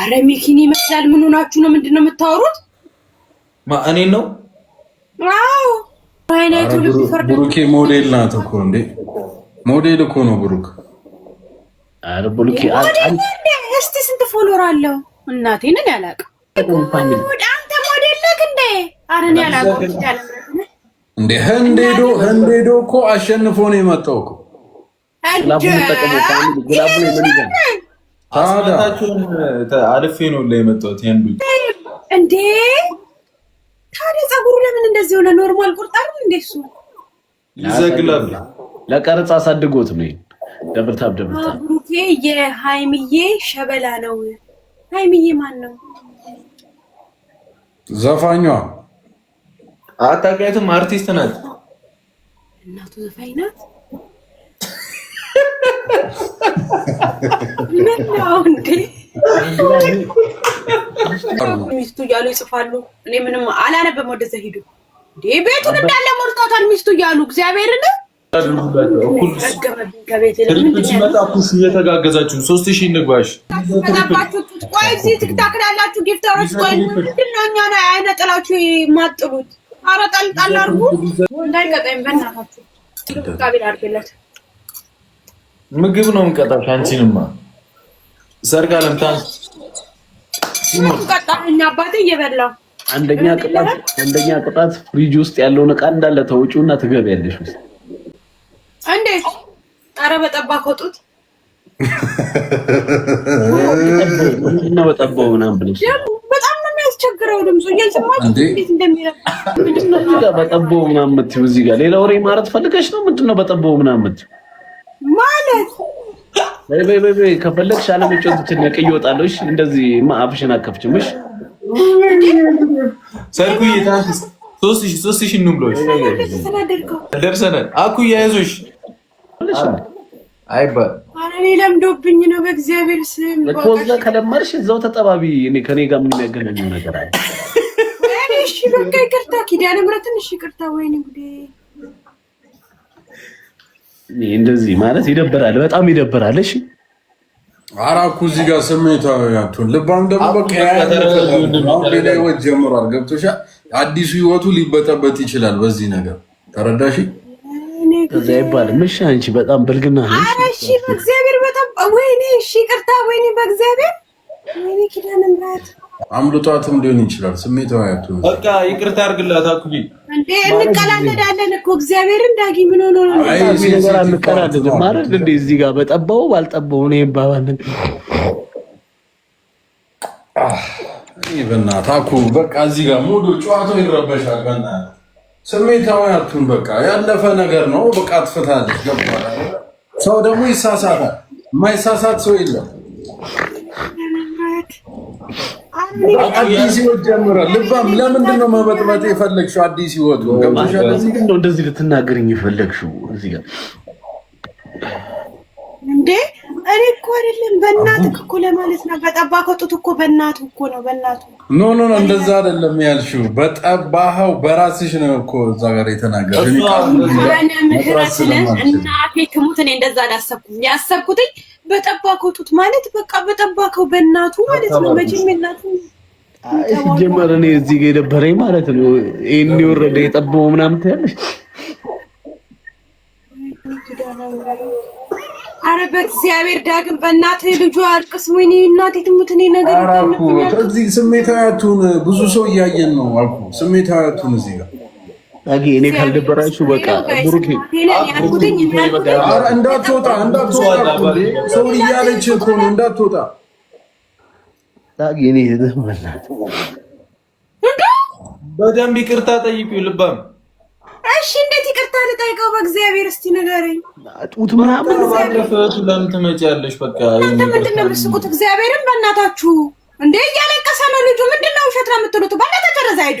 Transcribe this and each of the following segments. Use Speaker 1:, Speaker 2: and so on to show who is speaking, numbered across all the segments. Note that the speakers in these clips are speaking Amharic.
Speaker 1: አረ ሚኪን ይመስላል። ምን ሆናችሁ ነው? ምንድን ነው የምታወሩት?
Speaker 2: እኔ ነው ብሩኬ ሞዴል ናት እኮ እንዴ! ሞዴል እኮ ነው ብሩክ። አረ ብሩኬ
Speaker 1: እስቲ ስንት ፎሎወር አለው? እናቴን እኔ አላውቅም። አንተ ሞዴል ነህ እንዴ? አረ እኔ አላውቅም።
Speaker 2: እንዴ ህንዴዶ ህንዴዶ እኮ አሸንፎ ነው የመጣው እኮ አስማታችሁን አልፌ ነው ላይ የመጣሁት። ንዱ
Speaker 1: እንዴ! ታዲያ ፀጉሩ ለምን እንደዚህ ሆነ? ኖርማል ቁርጣ እንዴ? እሱ
Speaker 2: ይዘግላል። ለቀረጽ አሳድጎት ነው። ደብርታብ ደብርታብ፣
Speaker 1: ብሩኬ የሀይምዬ ሸበላ ነው። ሀይምዬ ማን ነው?
Speaker 2: ዘፋኟ። አታውቂያትም? አርቲስት ናት።
Speaker 1: እናቱ ዘፋኝ ናት። ሚስቱ እያሉ ይጽፋሉ። እኔ ምንም አላነበም። ወደዛ ሂዱ። ቤቱን እንዳለ ሞልተውታል። ሚስቱ እያሉ እግዚአብሔርን
Speaker 2: መጣኩስ እየተጋገዛችሁ ሶስት ሺህ እንግባሽ
Speaker 1: ቆይ እዚህ ትክታክ ላላችሁ ጊፍተሮች ቆይ ምንድን ነው እኛን አይነ ጥላችሁ የማጥሉት? ኧረ ጠልጣል አድርጉ እንዳይቀጠኝ በእናታችሁ ጋቢል አድርግለት
Speaker 2: ምግብ ነው የምንቀጣሽ። አንቺንማ ሰርግ አለምታን አባቴ አንደኛ ቅጣት አንደኛ ቅጣት ፍሪጅ ውስጥ ያለውን እቃ እንዳለ ተውጪውና ትገቢያለሽ ውስጥ
Speaker 1: እንዴት? አረ በጠባ ከጡት
Speaker 2: ምንድን ነው በጠባው ምናምን ብለሽ
Speaker 1: በጣም ነው የሚያስቸግረው ድምፁ እየሰማች
Speaker 2: እንዴት እንደሚረዳ ምንድን ነው በጠባው ምናምን የምትይው እዚህ ጋር ሌላ ወሬ ማረት ፈልገሽ ነው ምንድን ነው በጠባው ምናምን የምትይው በይ ከፈለግሽ አለመጫወት ነቅ እየወጣለሁ። እንደዚህ አፍሽን አከፍችም። እሺ ሰርኩዬ ሶስት ሺህ ኑ ብሎሽ ደርሰናል።
Speaker 1: እኔ ለምዶብኝ ነው በእግዚአብሔር ስም
Speaker 2: እኮ እዛ ከለመድሽ እዛው ተጠባቢ። እኔ ከኔ ጋር የሚያገናኘው ነገር አለ።
Speaker 1: እሺ በቃ ይቅርታ ኪዳነ ምሕረትን እሺ ይቅርታ። ወይኔ ጉዴ
Speaker 2: እንደዚህ ማለት ይደብራል፣ በጣም ይደብራል። እሺ አራኩ እዚህ ጋር ስሜታዊ አትሆን። ልባም ደግሞ በቃ ሌላ ህይወት ጀምሯል። ገብቶሻ አዲሱ ህይወቱ ሊበጠበጥ ይችላል በዚህ ነገር ተረዳሽ? ከዛ ይባልም እሺ። አንቺ በጣም ብልግና
Speaker 1: ነው። እሺ በእግዚአብሔር በጣም ወይኔ፣ እሺ ቅርታ፣ ወይኔ በእግዚአብሔር ወይኔ ኪዳነ ምሕረት
Speaker 2: አምልጧትም ሊሆን ይችላል። ስሜት ማያቱ በቃ ይቅርታ አድርግላት። አኩቢ
Speaker 1: እንዴ እንቀላለዳለን እኮ እግዚአብሔር እንዳጊ ምን ሆኖ ነው
Speaker 2: ነገር አንቀላለድም ማለት እንዴ እዚህ ጋር በጠባው ባልጠባው ነው ይባባልን። ይህ በእናትህ አኩ በቃ እዚህ ጋር ሙሉ ጨዋታው ይረበሻል። በእናትህ ስሜታዊ አትሁን። በቃ ያለፈ ነገር ነው። በቃ ትፈታለች። ገባህ? ሰው ደግሞ ይሳሳታል። የማይሳሳት ሰው የለም። አዲስ ህይወት ጀምሯል። ልባም ለምንድን ነው መበጥበጥ የፈለግሽው? አዲስ ህይወቱ ነው እንደዚህ ልትናገርኝ የፈለግሽው እዚህ ጋር
Speaker 1: እንዴ? እኔ እኮ አይደለም በእናትህ እኮ ለማለት ነው። በጠባከው ጡት እኮ በእናቱ እኮ ነው በእናቱ
Speaker 2: ኖ ኖ ኖ፣ እንደዛ አይደለም ያልሽው። በጠባኸው በራስሽ ነው እኮ እዛ ጋር የተናገርሽ።
Speaker 1: እኔ እናቴ ትሙት እኔ እንደዛ አላሰብኩም ያሰብኩትኝ በጠባከው ጡት ማለት በቃ በጠባከው በእናቱ ማለት ነው። መቼም እናቱ
Speaker 2: ሲጀመር እኔ እዚህ ጋር የደበረኝ ማለት ነው። ይህን የወረደ የጠበው ምናምን ትያለሽ።
Speaker 1: አረ በእግዚአብሔር ዳግም በእናትህ ልጁ አልቅስ። ወይኔ እናቴ ትሙት። እኔ
Speaker 2: ነገር እዚህ ስሜታዊ አትሁን። ብዙ ሰው እያየን ነው አልኩ። ስሜታዊ አትሁን እዚህ ጋር አጊ እኔ ካልደበራችሁ በቃ ብሩኬ እንዳትወጣ እንዳትወጣ ሰው እያለች እኮ ነው እንዳትወጣ። አጊ እኔ በደንብ ይቅርታ ጠይቁ ልባም።
Speaker 1: እሺ እንዴት ይቅርታ ልጠይቀው? በእግዚአብሔር እስቲ ንገረኝ።
Speaker 2: ጡት ምናምን ባለፈቱ ለምን ትመጪያለሽ? በቃ
Speaker 1: ምንድን እግዚአብሔርን በእናታችሁ እንዴ! እያለቀሰ ነው ልጁ። ምንድነው ውሸት ነው የምትሉት? በእናታችሁ ረዛ ሂዱ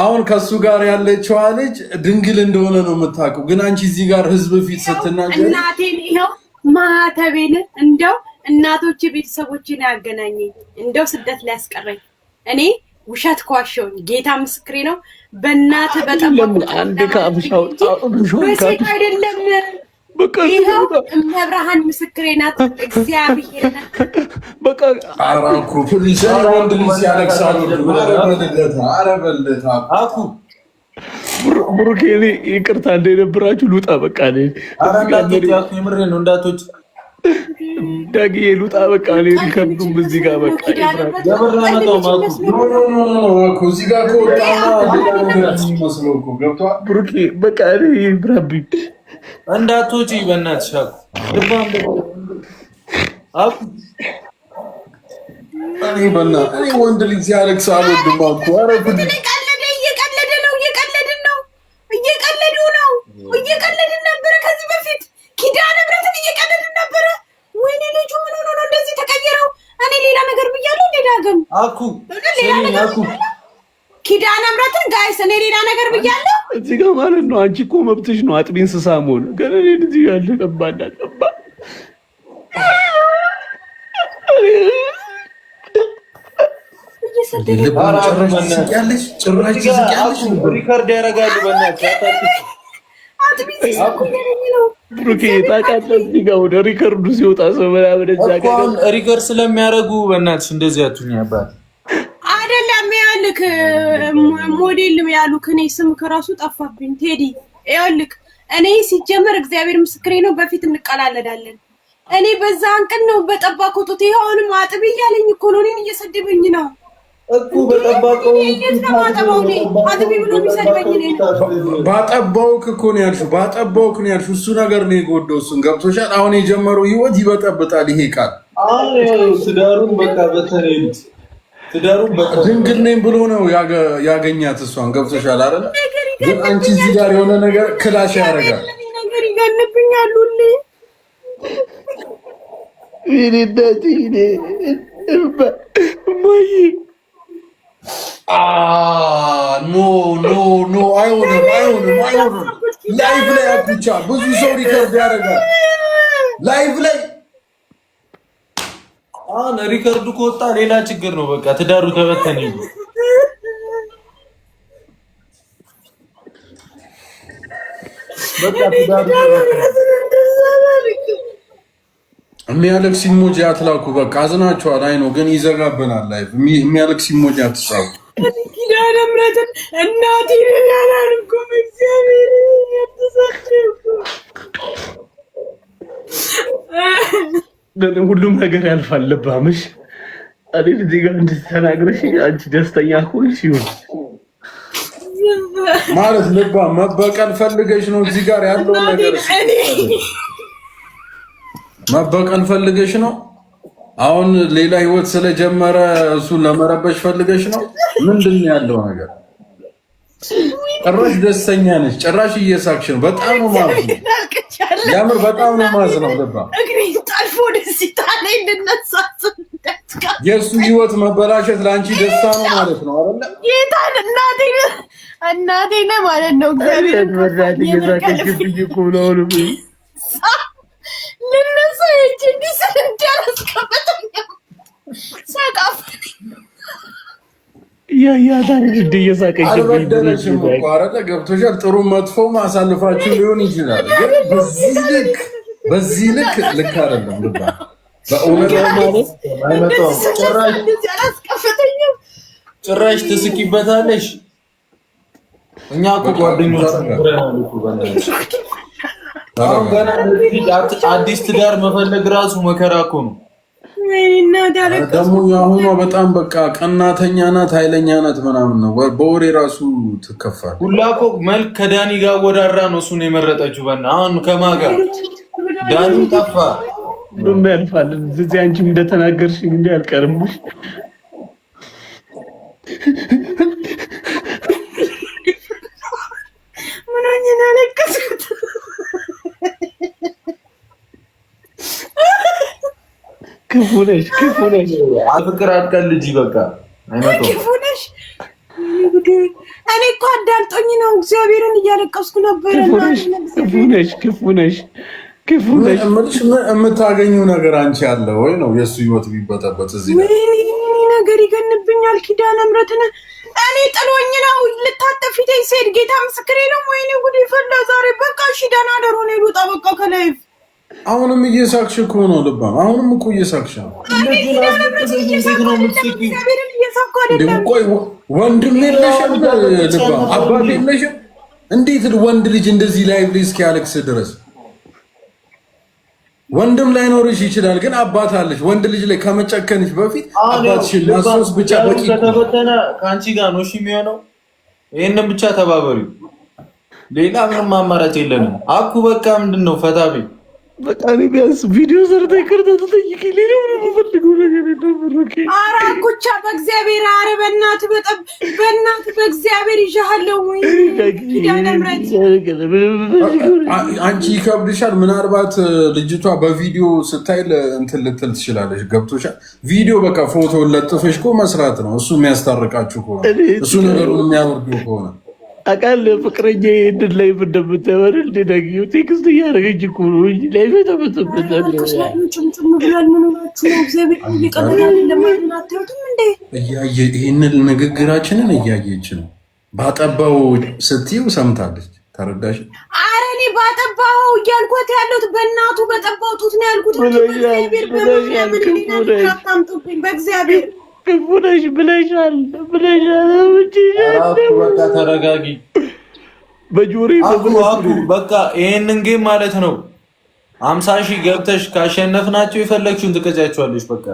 Speaker 2: አሁን ከሱ ጋር ያለችዋ ልጅ ድንግል እንደሆነ ነው የምታውቀው። ግን አንቺ እዚህ ጋር ህዝብ ፊት ስትናገር
Speaker 1: እናቴን ይኸው ማተቤን እንደው እናቶች ቤተሰቦችን ያገናኘኝ እንደው ስደት ላይ ያስቀረኝ እኔ ውሸት ኳሸውኝ። ጌታ ምስክሬ ነው። በእናትህ በጠባቁ አንድ ካምሻው ጣ አይደለም በቃ እመብርሃን ምስክሬ ናት። እግዚአብሔር
Speaker 2: በቃ አራኩ ፕሊስ ይቅርታ እንደነበራችሁ ልውጣ። በቃ የምሬ ነው እንዳቶች ዳግዬ ልውጣ። በቃ ከብዱም እዚህ ጋር በቃ ብሩኬ በቃ ይብራብኝ እንዳትወጪ በእናትሽ አኩ ልባም አኩ እኔ በእናትህ እኔ ወንድ ልጅ ሲያለቅስ አልወድም
Speaker 1: አኩ ኧረ ጉድ እየቀለደ ነው ነው እየቀለዱ ነው እየቀለድን ነበረ ከዚህ በፊት ኪዳነ ምሕረትን እየቀለድን ነበረ ወይኔ ልጁ ምን ሆኖ ነው እንደዚህ ተቀየረው እኔ ሌላ ነገር ብያለሁ አኩ ኪዳነ ምሕረትን ጋይስ እኔ ሌላ ነገር ብያለሁ
Speaker 2: እዚህ ጋር ማለት ነው። አንቺ እኮ መብትሽ ነው አጥቢ እንስሳ መሆን። ግን እኔ እዚህ ያለ ከባዳ ገባ ሪከርድ ያደርጋሉ። ብሩኬ ታውቃለህ፣ እዚህ ጋር ወደ ሪከርዱ ሲወጣ ሰው ምናምን ሪከርድ ስለሚያደርጉ በእናትሽ እንደዚህ አትሁኝ አባት
Speaker 1: ይኸውልህ ሞዴል ያሉክ እኔ ስምክ እራሱ ጠፋብኝ። ቴዲ ይኸውልህ እኔ ሲጀመር እግዚአብሔር ምስክሬ ነው፣ በፊት እንቀላለዳለን። እኔ በዛ አንቅን ነው በጠባቆ ጡት ይኸውንም አጥብ እያለኝ እኮ ነው፣ እኔን እየሰደበኝ ነው እኮ ባጠባውክ እኮ ነው ያልሽው፣ ባጠባውክ ነው ያልሽው። እሱ ነገር ነው እሱን ገብቶሻል። አሁን የጀመረው ህይወት ይበጠብጣል። ይሄ ቃል
Speaker 2: ስዳሩን በቃ ትዳሩን ድንግል ነኝ ብሎ ነው ያገኛት። እሷን ገብቶሻል አይደል? ግን አንቺ እዚህ ጋር የሆነ ነገር ክላሽ ያደርጋል። ነገር ኖ ኖ ኖ፣ አይሆንም፣ አይሆንም፣ አይሆንም። ላይፍ ላይ አትቻ ብዙ ሰው ሪከርድ ያደርጋል ላይፍ ላይ አሁን ሪከርዱ ከወጣ ሌላ ችግር ነው። በቃ ትዳሩ ተበተነ። የሚያለቅስ ኢሞጂ አትላኩ። በቃ አዝናችኋል። አይ ነው ግን ይዘጋብናል። ላይ የሚያለቅስ ሲሞጂ አትጻፉ።
Speaker 1: ያላልኩም እግዚአብሔር
Speaker 2: ሁሉም ነገር ያልፋል። ልባምሽ እኔ እዚህ ጋር እንድትተናግረሽ አንቺ ደስተኛ ሆንሽ ይሁን ማለት ልባ መበቀል ፈልገሽ ነው። እዚህ ጋር ያለው ነገር መበቀል ፈልገሽ ነው። አሁን ሌላ ህይወት ስለጀመረ እሱን ለመረበሽ ፈልገሽ ነው። ምንድን ነው ያለው ነገር? ጭራሽ ደስተኛ ነች። ጭራሽ እየሳቅሽ ነው። በጣም ነው ነው። ያምር በጣም ነው ማለት ነው። ገባ የእሱ ህይወት መበላሸት ለአንቺ ደስታ ነው ማለት
Speaker 1: ነው። እናቴ ነህ ማለት ነው።
Speaker 2: እግዚአብሔር ልነሳ እንዲህ ስንት ያላስቀመጠኝ ሰቃፍ አልበደለሽም ገብቶሻል። ጥሩ መጥፎ አሳልፋችሁ ሊሆን ይችላል፣ ግን በዚህ ልክ ልክ አይደለም። ልባ ጭራሽ ትስቂበታለሽ። እኛ እኮ ጓደኞች አሁን ገና አዲስ ትዳር መፈለግ ራሱ መከራ እኮ ነው። ደግሞ የአሁኗ በጣም በቃ ቀናተኛ ናት፣ ኃይለኛ ናት ምናምን ነው። በወሬ ራሱ ትከፋል። ሁላ እኮ መልክ ከዳኒ ጋር ወዳራ ነው እሱን የመረጠችው። በና አሁን ከማ ጋር ዳኒ ጠፋ። ሁሉም ያልፋል። እዚህ አንቺም እንደተናገርሽ እንዲ አልቀርም ክፉ ነሽ፣ ክፉ ነሽ። አፍቅር አትቀልጂ። በቃ
Speaker 1: ክፉ ነሽ። እኔ እኮ አዳምጦኝ ነው እግዚአብሔርን እያለቀስኩ ነበር።
Speaker 2: ክፉ ነሽ፣ ክፉ ነሽ፣ ክፉ ነሽ። የምታገኘው ነገር አንቺ ያለ ወይ ነው የእሱ ህይወት የሚበጠበት
Speaker 1: እዚህ ነገር ይገንብኛል። ኪዳነ ምሕረትን እኔ ጥሎኝ ነው ልታጠፍ ፊቴ ሴድ ጌታ ምስክሬ ነው። ወይኔ ጉድ ይፈላ ዛሬ። በቃ እሺ፣ ደህና ደሩ። እኔ ልውጣ በቃ ከላይፍ
Speaker 2: አሁንም እየሳቅሽ እኮ ነው ልባም። አሁንም እኮ እየሳቅሽ ነው። ወንድም የለሽም ልባም፣ አባት የለሽም። እንዴት ወንድ ልጅ እንደዚህ ላይ እስኪያለቅስ ድረስ ወንድም ላይኖርሽ ይችላል፣ ግን አባት አለሽ። ወንድ ልጅ ላይ ከመጨከንሽ በፊት አባትሽን ማስወስ ብቻ በቂ። ከተፈተነ ከአንቺ ጋር ነው የሚሆነው። ይህንን ብቻ ተባበሪ፣ ሌላ ምንም አማራጭ የለንም። አኩ በቃ ምንድን ነው ፈታቤ
Speaker 1: በቃ እኔ ቢያንስ ቪዲዮ ሰርተ ይቅርታ ተጠይቅ። ሌላ ምን የምፈልገው ነገር ደብረከ። ኧረ ኩቻ በእግዚአብሔር ኧረ በእናትህ በጠብ በእናትህ በእግዚአብሔር ይዣሃለሁ።
Speaker 2: አንቺ ይከብድሻል። ምናልባት ልጅቷ በቪዲዮ ስታይ እንትን ልትል ትችላለች። ገብቶሻል። ቪዲዮ በቃ ፎቶ ለጥፈሽ እኮ መስራት ነው እሱ የሚያስታርቃችሁ ከሆነ እሱ ነገሩን የሚያወርዱ ከሆነ አቃል ፍቅረኛ ይህንን ላይ እንደምታበር እንደነግ ቴክስት እያደረገች እኮ ላይ ይህንን ንግግራችንን እያየች ነው። ባጠባው ስትይው ሰምታለች።
Speaker 1: ተረዳሽ? ኧረ እኔ ባጠባው እያልኳት ያለሁት በእናቱ በጠባው ጡት ነው ያልኩት። በእግዚአብሔር በምናምን
Speaker 2: አታምጡብኝ በእግዚአብሔር ክፉ ብለሻል ብለሻል። በቃ ተረጋጊ። በጆሪ በቃ ይሄንን ጌም ማለት ነው አምሳ ሺህ ገብተሽ ካሸነፍናቸው የፈለግሽውን ትቀጫቸዋለሽ በቃ